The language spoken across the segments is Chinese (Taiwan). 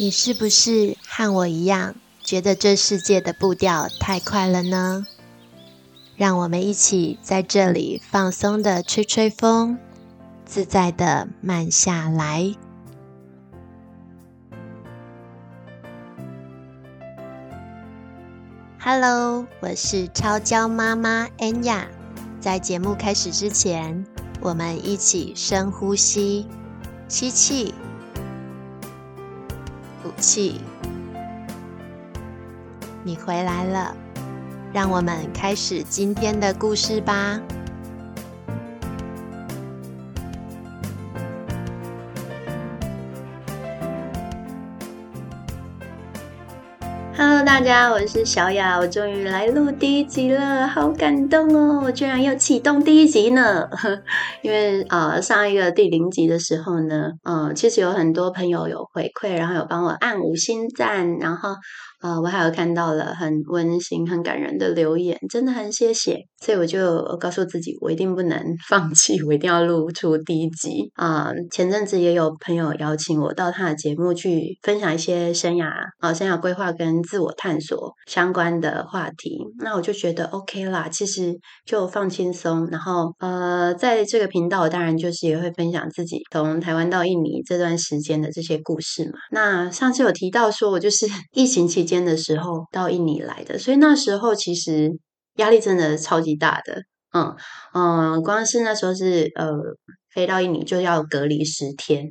你是不是和我一樣覺得這世界的步調太快了呢？讓我們一起在這裡放鬆地吹吹風，自在地慢下來。Hello，我是超焦媽媽 Anya，在節目開始之前，我們一起深呼吸，吸氣。起，你回來了，讓我們開始今天的故事吧。大家，我是小雅，我終於來錄第一集了，好感動哦！我居然又啟動第一集呢， 因為啊、呃，上一個第零集的時候呢，嗯、呃，其實有很多朋友有回饋，然後有幫我按五星讚，然後呃，我還有看到了很溫馨、很感人的留言，真的很謝謝。所以我就告訴自己，我一定不能放棄，我一定要錄出第一集啊、呃！前陣子也有朋友邀請我到他的節目去分享一些生涯啊、呃、生涯規劃跟自我探索相關的話題，那我就覺得 OK 啦，其實就放輕鬆。然後呃，在這個頻道，我當然就是也會分享自己從台灣到印尼這段時間的這些故事嘛。那上次有提到說我就是疫情期間的時候到印尼來的，所以那時候其實。壓力真的超級大的，嗯嗯，光是那時候是呃，飛到印尼就要隔離十天，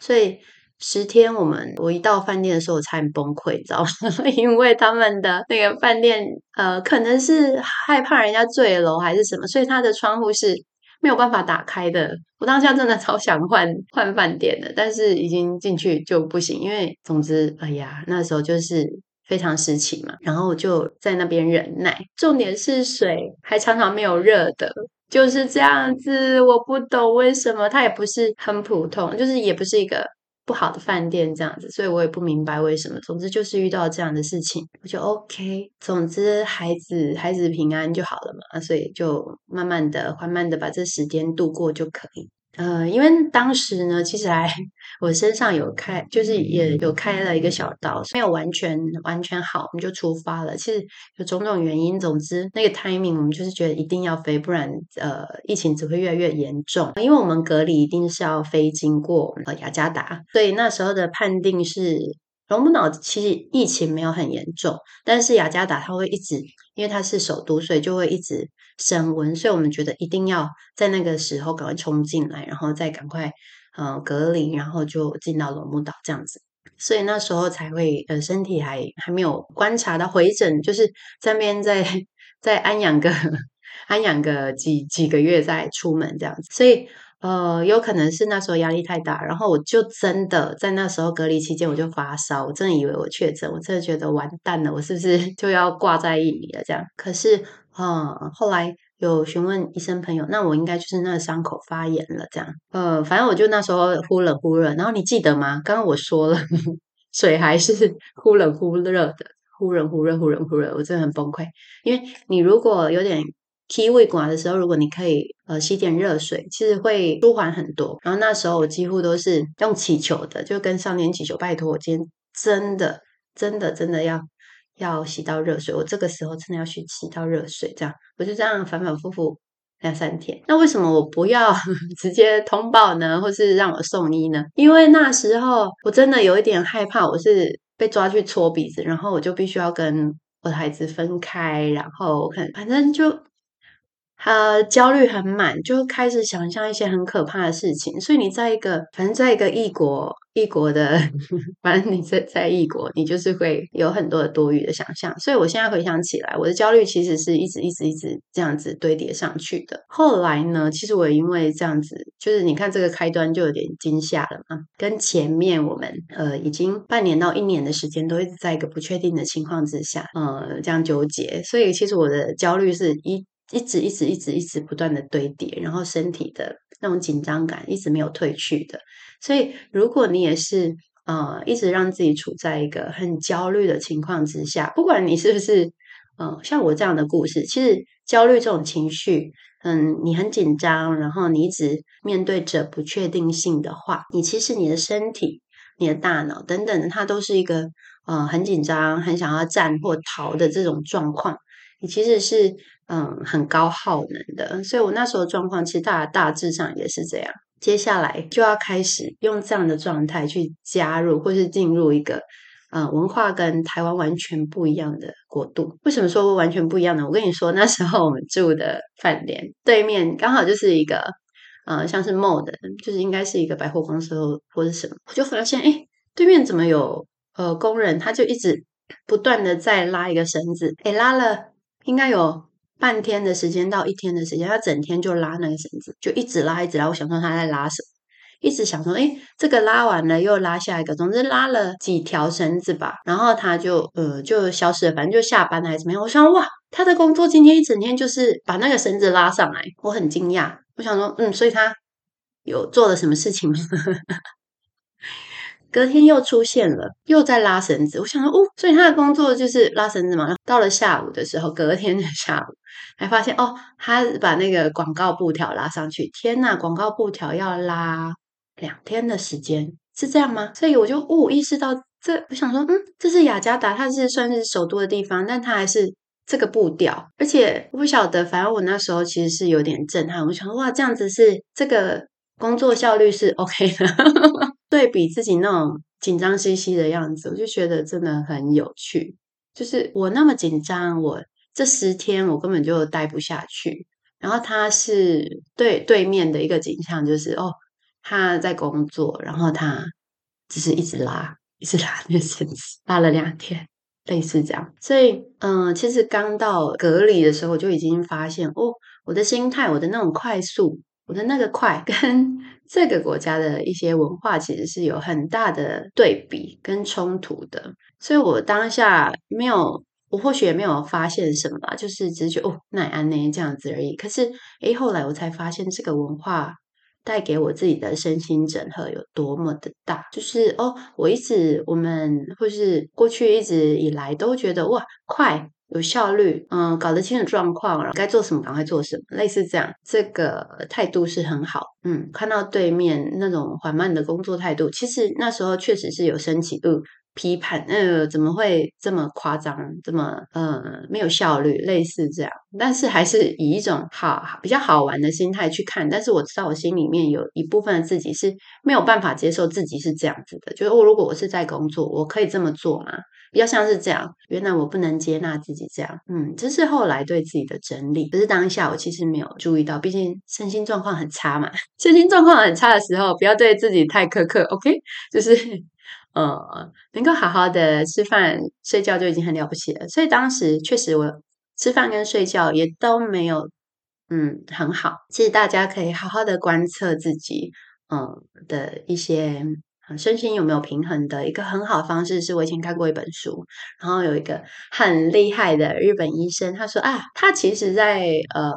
所以十天我們我一到飯店的時候，我差點崩潰，你知道嗎？ 因為他們的那個飯店呃，可能是害怕人家墜樓還是什麼，所以他的窗戶是沒有辦法打開的。我當下真的超想換換飯店的，但是已經進去就不行，因為總之，哎呀，那時候就是。非常時期嘛，然後我就在那邊忍耐。重點是水還常常沒有熱的，就是這樣子。我不懂為什麼，它也不是很普通，就是也不是一個不好的飯店這樣子，所以我也不明白為什麼。總之就是遇到這樣的事情，我就 OK。總之孩子孩子平安就好了嘛，所以就慢慢的、緩慢的把這時間度過就可以。呃，因為當時呢，其實還我身上有開，就是也有開了一個小刀，沒有完全完全好，我們就出發了。其實有種種原因，總之那個 timing 我們就是覺得一定要飛，不然呃疫情只會越來越嚴重。因為我們隔離一定是要飛經過、呃、雅加達，所以那時候的判定是龍目島其實疫情沒有很嚴重，但是雅加達它會一直。因為它是首都，所以就會一直升溫，所以我們覺得一定要在那個時候趕快衝進來，然後再趕快呃隔離，然後就進到龍目島這樣子，所以那時候才會呃身體還還沒有觀察到回診，就是這邊在在安養個安養個幾幾個月再出門這樣子，所以。呃，有可能是那時候壓力太大，然後我就真的在那時候隔離期間我就發燒，我真的以為我確診，我真的覺得完蛋了，我是不是就要掛在印尼了？這樣，可是，嗯、呃，後來有詢問醫生朋友，那我應該就是那個傷口發炎了，這樣。呃，反正我就那時候忽冷忽熱，然後你記得嗎？剛剛我說了，呵呵水還是忽冷忽熱的，忽冷忽熱，忽冷忽熱，我真的很崩潰，因為你如果有點。踢位管的時候，如果你可以呃洗點熱水，其實會舒緩很多。然後那時候我幾乎都是用祈求的，就跟上天祈求，拜托我今天真的真的真的要要洗到熱水。我這個時候真的要去洗到熱水，這樣我就這樣反反复覆兩三天。那為什麼我不要 直接通報呢？或是讓我送醫呢？因為那時候我真的有一點害怕，我是被抓去搓鼻子，然後我就必須要跟我的孩子分開，然後我可能我看反正就。呃，焦慮很滿，就開始想象一些很可怕的事情。所以你在一個，反正在一個異國，異國的，反正你在在異國，你就是會有很多的多餘的想象。所以我現在回想起來，我的焦慮其實是一直、一直、一直這樣子堆疊上去的。後來呢，其實我也因為這樣子，就是你看這個開端就有點驚嚇了嘛。跟前面我們，呃，已經半年到一年的時間，都一直在一個不確定的情況之下，呃，這樣糾結。所以其實我的焦慮是一。一直一直一直一直不斷的堆疊，然後身體的那種緊張感一直沒有褪去的。所以，如果你也是呃一直讓自己處在一個很焦慮的情況之下，不管你是不是嗯、呃、像我這樣的故事，其實焦慮這種情緒，嗯，你很緊張，然後你一直面對着不確定性的話，你其實你的身體、你的大腦等等，它都是一個嗯、呃、很緊張、很想要戰或逃的這種狀況。你其實是嗯很高耗能的，所以我那時候狀況其實大大致上也是這樣。接下來就要開始用這樣的狀態去加入或是進入一個嗯、呃、文化跟台灣完全不一樣的國度。為什麼說完全不一樣呢？我跟你說，那時候我們住的飯店對面剛好就是一個呃像是 mode，就是應該是一個百貨公司或者什麼，我就發現哎，對面怎麼有呃工人，他就一直不斷的在拉一個繩子，哎拉了。應該有半天的時間到一天的時間，他整天就拉那個繩子，就一直拉一直拉。我想說他在拉什麼，一直想說，哎、欸，這個拉完了又拉下一個，總之拉了幾條繩子吧。然後他就呃就消失了，反正就下班了還是怎麼樣。我想，哇，他的工作今天一整天就是把那個繩子拉上來，我很驚訝。我想說，嗯，所以他有做了什麼事情嗎？ 隔天又出現了，又在拉繩子。我想說，嗚、哦，所以他的工作就是拉繩子嘛。然後到了下午的時候，隔天的下午，還發現哦，他把那個廣告布條拉上去。天吶，廣告布條要拉兩天的時間，是這樣嗎？所以我就嗚、哦、意識到這，我想說，嗯，這是雅加達，它是算是首都的地方，但它還是這個步調。而且我不曉得，反正我那時候其實是有點震撼。我想說，哇，這樣子是這個工作效率是 OK 的。 對比自己那種緊張兮兮的樣子，我就覺得真的很有趣。就是我那麼緊張，我這十天我根本就待不下去。然後他是對對面的一個景象，就是哦，他在工作，然後他只是一直拉，一直拉那繩子，拉了兩天，類似這樣。所以，嗯，其實剛到隔離的時候，我就已經發現哦，我的心態，我的那種快速，我的那個快跟。這個國家的一些文化其實是有很大的對比跟衝突的，所以我當下沒有，我或許也沒有發現什麼，就是只是覺得哦奈安奈這樣子而已。可是，誒，後來我才發現這個文化帶給我自己的身心整合有多麼的大，就是哦，我一直我們或是過去一直以來都覺得哇快。有效率，嗯，搞得清楚狀況，然後該做什麼趕快做，做什麼，類似這樣，這個態度是很好，嗯，看到對面那種緩慢的工作態度，其實那時候確實是有升起，嗯、呃，批判，呃，怎麼會這麼誇張，這麼嗯、呃，沒有效率，類似這樣，但是還是以一種好比較好玩的心態去看，但是我知道我心裡面有一部分的自己是沒有辦法接受自己是這樣子的，就是我、哦、如果我是在工作，我可以這麼做嗎？比較像是這樣，原來我不能接納自己這樣，嗯，這是後來對自己的整理。可是當下我其實沒有注意到，畢竟身心狀況很差嘛。身心狀況很差的時候，不要對自己太苛刻，OK？就是，呃、嗯，能夠好好的吃飯睡覺就已經很了不起了。所以當時確實我吃飯跟睡覺也都沒有，嗯，很好。其實大家可以好好的觀測自己，嗯的一些。身心有沒有平衡的一個很好的方式是，我以前看過一本書，然後有一個很厲害的日本醫生，他說啊，他其實在呃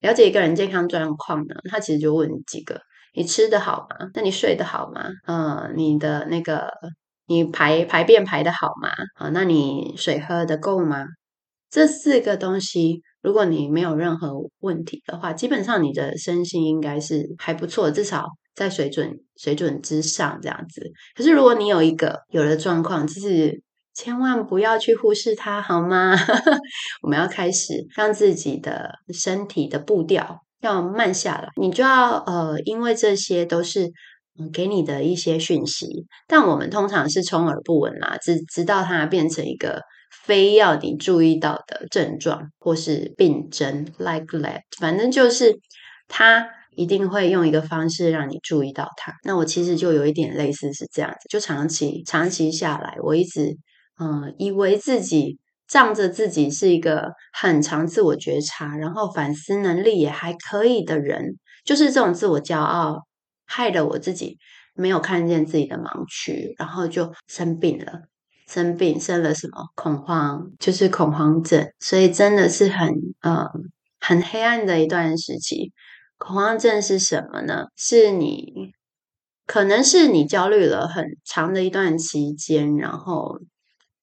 了解一個人健康狀況呢，他其實就問幾個：你吃得好嗎？那你睡得好嗎？嗯、呃，你的那個你排排便排得好嗎？啊、呃，那你水喝得夠嗎？這四個東西，如果你沒有任何問題的話，基本上你的身心應該是還不錯，至少。在水準水準之上這樣子，可是如果你有一個有了狀況，就是千萬不要去忽視它，好嗎？ 我們要開始讓自己的身體的步調要慢下來，你就要呃，因為這些都是、嗯、給你的一些訊息，但我們通常是充耳不聞啦，只直到它變成一個非要你注意到的症狀或是病症，like that，反正就是它。一定會用一個方式讓你注意到它。那我其實就有一點類似是這樣子，就長期長期下來，我一直嗯、呃、以為自己仗着自己是一個很常自我覺察，然後反思能力也還可以的人，就是這種自我驕傲，害得我自己沒有看見自己的盲區，然後就生病了，生病生了什麼恐慌，就是恐慌症。所以真的是很嗯、呃、很黑暗的一段時期。恐慌症是什麼呢？是你，可能是你焦慮了很長的一段期間，然後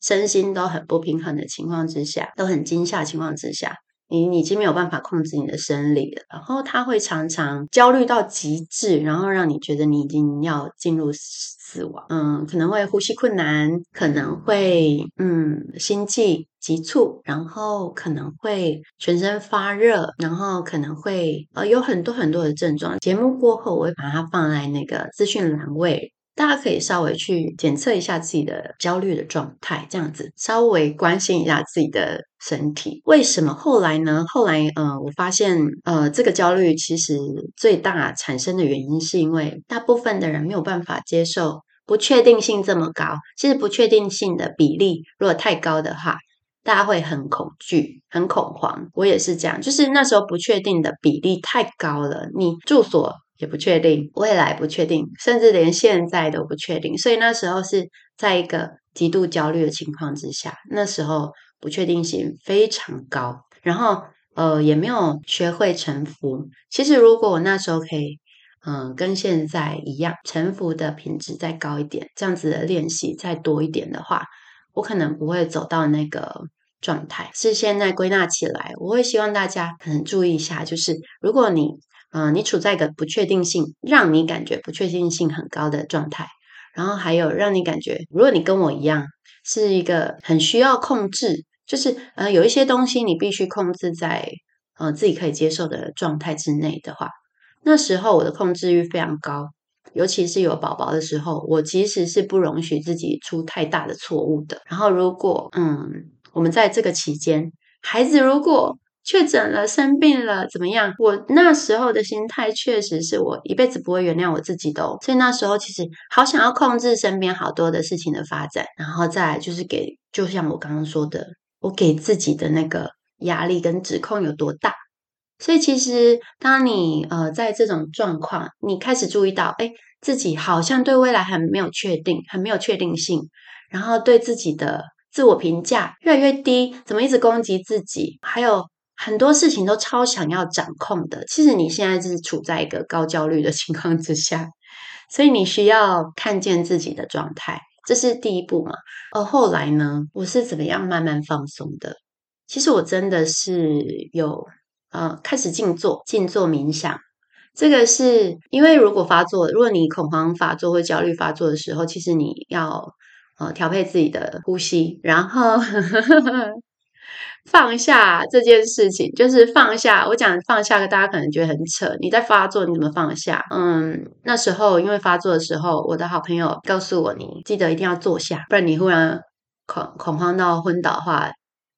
身心都很不平衡的情況之下，都很驚嚇的情況之下。你已經沒有辦法控制你的生理了，然後他會常常焦慮到極致，然後讓你覺得你已經要進入死亡。嗯，可能會呼吸困難，可能會嗯心悸急促，然後可能會全身發熱，然後可能會呃有很多很多的症狀。節目過後，我會把它放在那個資訊欄位。大家可以稍微去檢測一下自己的焦慮的狀態，這樣子稍微關心一下自己的身體。為什麼後來呢？後來，呃，我發現，呃，這個焦慮其實最大產生的原因，是因為大部分的人沒有辦法接受不確定性這麼高。其實不確定性的比例如果太高的話，大家會很恐懼、很恐慌。我也是這樣，就是那時候不確定的比例太高了，你住所。也不確定未來，不確定，甚至連現在都不確定。所以那時候是在一個極度焦慮的情況之下，那時候不確定性非常高。然後呃，也沒有學會臣服。其實如果我那時候可以，嗯、呃，跟現在一樣，臣服的品質再高一點，這樣子的練習再多一點的話，我可能不會走到那個狀態。是現在歸納起來，我會希望大家可能注意一下，就是如果你。嗯、呃，你處在一個不確定性，讓你感覺不確定性很高的狀態。然後還有讓你感覺，如果你跟我一樣，是一個很需要控制，就是呃有一些東西你必須控制在呃自己可以接受的狀態之內的話，那時候我的控制慾非常高，尤其是有寶寶的時候，我其實是不容許自己出太大的錯誤的。然後如果嗯，我們在這個期間，孩子如果，確診了，生病了，怎麼樣？我那時候的心態確實是我一輩子不會原諒我自己的哦，所以那時候其實好想要控制身邊好多的事情的發展，然後再來就是給，就像我剛剛說的，我給自己的那個壓力跟指控有多大？所以其實當你呃在這種狀況，你開始注意到，誒自己好像對未來很沒有確定，很沒有確定性，然後對自己的自我評價越來越低，怎麼一直攻擊自己？還有。很多事情都超想要掌控的，其實你現在就是處在一個高焦慮的情況之下，所以你需要看見自己的狀態，這是第一步嘛。而後來呢，我是怎麼樣慢慢放鬆的？其實我真的是有呃開始靜坐、靜坐冥想，這個是因為如果發作，如果你恐慌發作或焦慮發作的時候，其實你要呃調配自己的呼吸，然後。 放下這件事情，就是放下。我講放下，大家可能覺得很扯。你在發作，你怎麼放下？嗯，那時候因為發作的時候，我的好朋友告訴我你，你記得一定要坐下，不然你忽然恐恐慌到昏倒的話，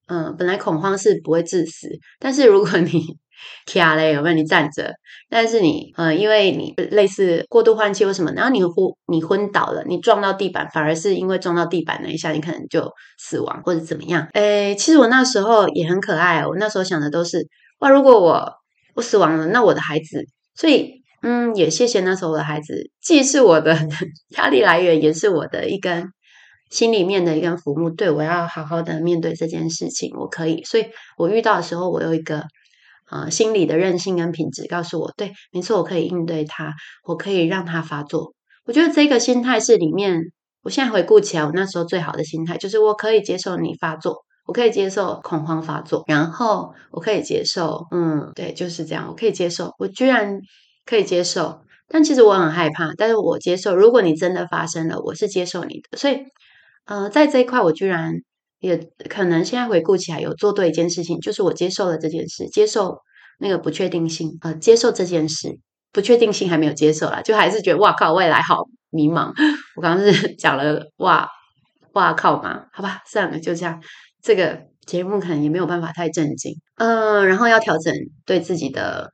嗯，本來恐慌是不會致死，但是如果你。T R 嘞，我被你站着？但是你，呃，因為你類似過度換氣或什麼，然後你昏你昏倒了，你撞到地板，反而是因為撞到地板那一下，你可能就死亡或者怎麼樣。誒、欸，其實我那時候也很可愛、哦，我那時候想的都是哇，如果我我死亡了，那我的孩子，所以嗯，也謝謝那時候我的孩子，既是我的壓力來源，也是我的一根心裡面的一根浮木。對，我要好好的面對這件事情，我可以，所以我遇到的時候，我有一個。呃，心理的韌性跟品質告訴我，對，沒錯，我可以應對它，我可以讓它發作。我覺得這個心態是裡面，我現在回顧起來，我那時候最好的心態就是，我可以接受你發作，我可以接受恐慌發作，然後我可以接受，嗯，對，就是這樣，我可以接受，我居然可以接受，但其實我很害怕，但是我接受。如果你真的發生了，我是接受你的。所以，呃，在這一塊，我居然。也可能現在回顧起來，有做對一件事情，就是我接受了這件事，接受那個不確定性呃，接受這件事，不確定性還沒有接受啦，就還是覺得哇靠，未來好迷茫。我剛剛是講了哇哇靠嘛，好吧，算了，就這樣。這個節目可能也沒有辦法太正經，嗯、呃，然後要調整對自己的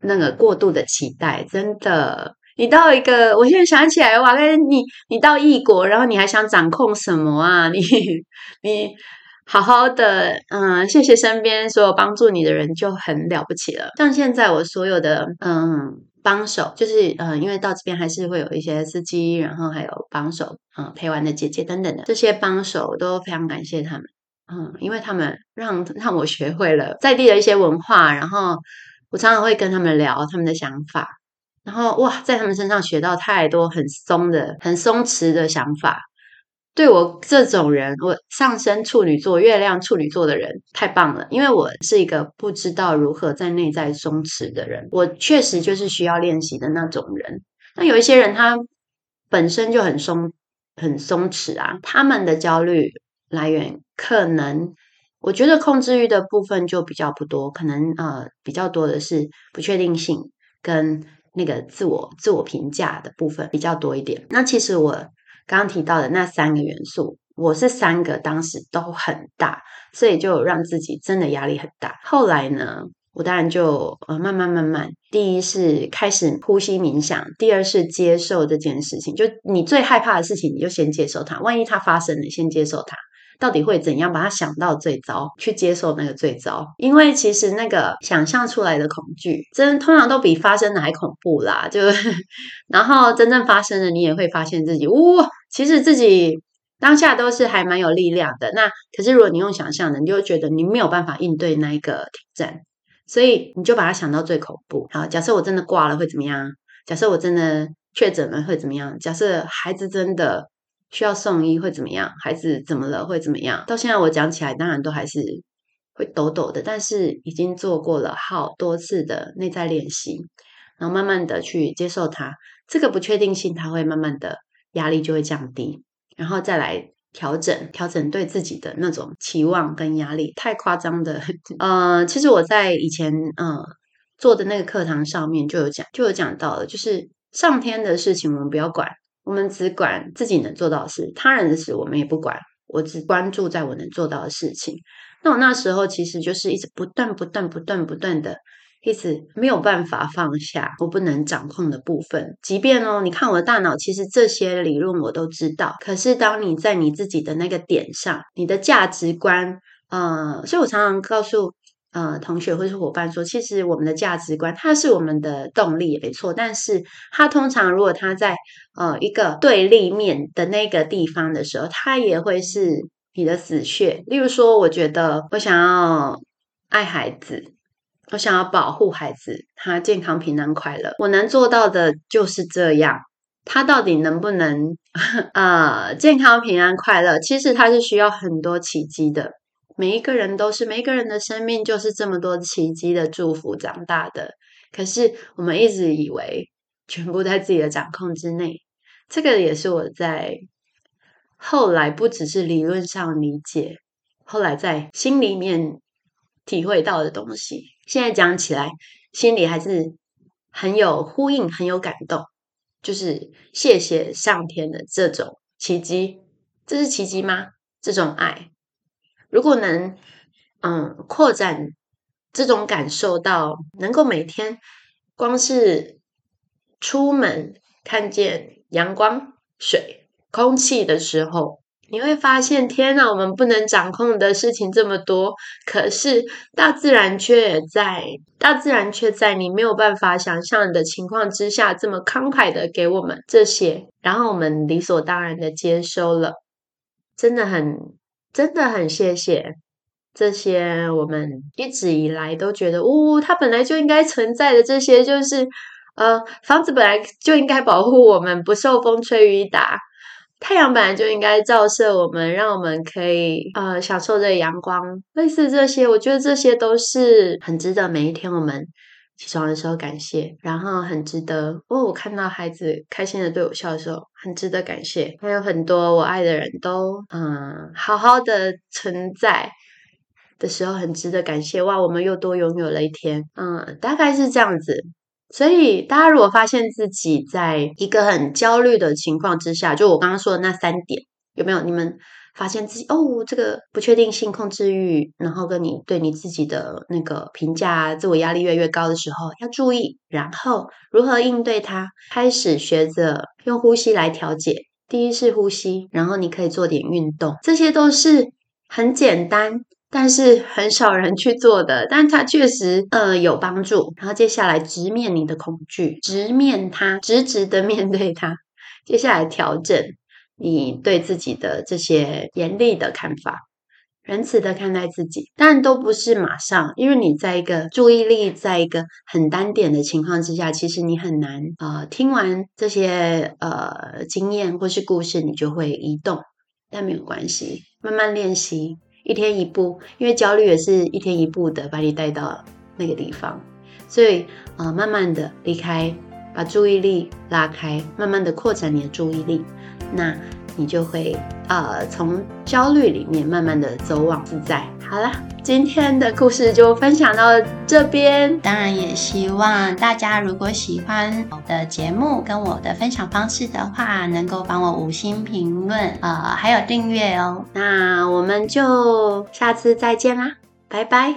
那個過度的期待，真的。你到一個，我現在想起來哇！你你到異國，然後你還想掌控什麼啊？你你好好的，嗯，謝謝身邊所有幫助你的人，就很了不起了。像現在我所有的嗯幫手，就是嗯，因為到這邊還是會有一些司機，然後還有幫手，嗯，陪玩的姐姐等等的，這些幫手我都非常感謝他們，嗯，因為他們讓讓我學會了在地的一些文化，然後我常常會跟他們聊他們的想法。然後哇，在他們身上學到太多很鬆的、很鬆弛的想法，對我這種人，我上升處女座、月亮處女座的人太棒了，因為我是一個不知道如何在內在鬆弛的人，我確實就是需要練習的那種人。但有一些人他本身就很鬆、很鬆弛啊，他們的焦慮來源可能，我覺得控制欲的部分就比較不多，可能呃比較多的是不確定性跟。那個自我自我評價的部分比較多一點。那其實我剛剛提到的那三個元素，我是三個當時都很大，所以就讓自己真的壓力很大。後來呢，我當然就呃慢慢慢慢，第一是開始呼吸冥想，第二是接受這件事情，就你最害怕的事情，你就先接受它，萬一它發生了，先接受它。到底會怎樣？把它想到最糟，去接受那個最糟，因為其實那個想象出來的恐懼，真通常都比發生的還恐怖啦。就呵呵然後真正發生的，你也會發現自己，嗚、哦，其實自己當下都是還蠻有力量的。那可是如果你用想象的，你就會覺得你沒有辦法應對那一個挑戰，所以你就把它想到最恐怖。好，假設我真的掛了會怎麼樣？假設我真的確診了會怎麼樣？假設孩子真的。需要送醫會怎麼樣？孩子怎麼了？會怎麼樣？到現在我講起來，當然都還是會抖抖的，但是已經做過了好多次的內在練習，然後慢慢的去接受它，這個不確定性，它會慢慢的壓力就會降低，然後再來調整調整對自己的那種期望跟壓力，太誇張的。 呃，其實我在以前呃做的那個課堂上面就有講，就有講到了，就是上天的事情我們不要管。我們只管自己能做到的事，他人的事我們也不管。我只關注在我能做到的事情。那我那時候其實就是一直不斷不斷不斷不斷的，一直沒有辦法放下我不能掌控的部分。即便哦，你看我的大腦，其實這些理論我都知道。可是當你在你自己的那個點上，你的價值觀，呃，所以我常常告訴。呃，同學或者是夥伴說，其實我們的價值觀，它是我們的動力，也沒錯。但是，它通常如果它在呃一個對立面的那個地方的時候，它也會是你的死穴。例如說，我覺得我想要愛孩子，我想要保護孩子，他健康、平安、快樂。我能做到的就是這樣。他到底能不能啊、呃？健康、平安、快樂，其實他是需要很多契機的。每一個人都是，每一個人的生命就是這麼多奇蹟的祝福長大的。可是我們一直以為全部在自己的掌控之內，這個也是我在後來不只是理論上理解，後來在心裡面體會到的東西。現在講起來，心裡還是很有呼應，很有感動。就是謝謝上天的這種奇蹟，這是奇蹟嗎？這種愛。如果能，嗯，擴展這種感受到，能夠每天光是出門看見陽光、水、空氣的時候，你會發現，天哪，我們不能掌控的事情這麼多，可是大自然卻在，大自然卻在你沒有辦法想象的情況之下，這麼慷慨的給我們這些，然後我們理所當然的接收了，真的很。真的很謝謝這些，我們一直以來都覺得，嗚、哦，它本來就應該存在的這些，就是呃，房子本來就應該保護我們不受風吹雨打，太陽本來就應該照射我們，讓我們可以呃享受這陽光，類似這些，我覺得這些都是很值得每一天我們。起床的時候感謝，然後很值得。哦，我看到孩子開心地對我笑的時候，很值得感謝。還有很多我愛的人都，嗯，好好的存在的時候，很值得感謝。哇，我們又多擁有了一天。嗯，大概是這樣子。所以大家如果發現自己在一個很焦慮的情況之下，就我剛剛說的那三點，有沒有你們？發現自己哦，這個不確定性控制欲、然後跟你對你自己的那個評價，自我壓力越來越高的時候要注意。然後如何應對它？開始學着用呼吸來調節。第一是呼吸，然後你可以做點運動，這些都是很簡單，但是很少人去做的，但它確實呃有幫助。然後接下來直面你的恐懼，直面它，直直的面對它。接下來調整。你對自己的這些嚴厲的看法，仁慈的看待自己，但都不是馬上，因為你在一個注意力在一個很單點的情況之下，其實你很難啊、呃、聽完這些呃經驗或是故事，你就會移動。但沒有關係，慢慢練習，一天一步，因為焦慮也是一天一步的把你帶到那個地方，所以啊、呃，慢慢的離開，把注意力拉開，慢慢的擴展你的注意力。那你就會呃，從焦慮裡面慢慢的走往自在。好啦，今天的故事就分享到這邊。當然，也希望大家如果喜歡我的節目跟我的分享方式的話，能夠幫我五星評論，呃，還有訂閱哦。那我們就下次再見啦，拜拜。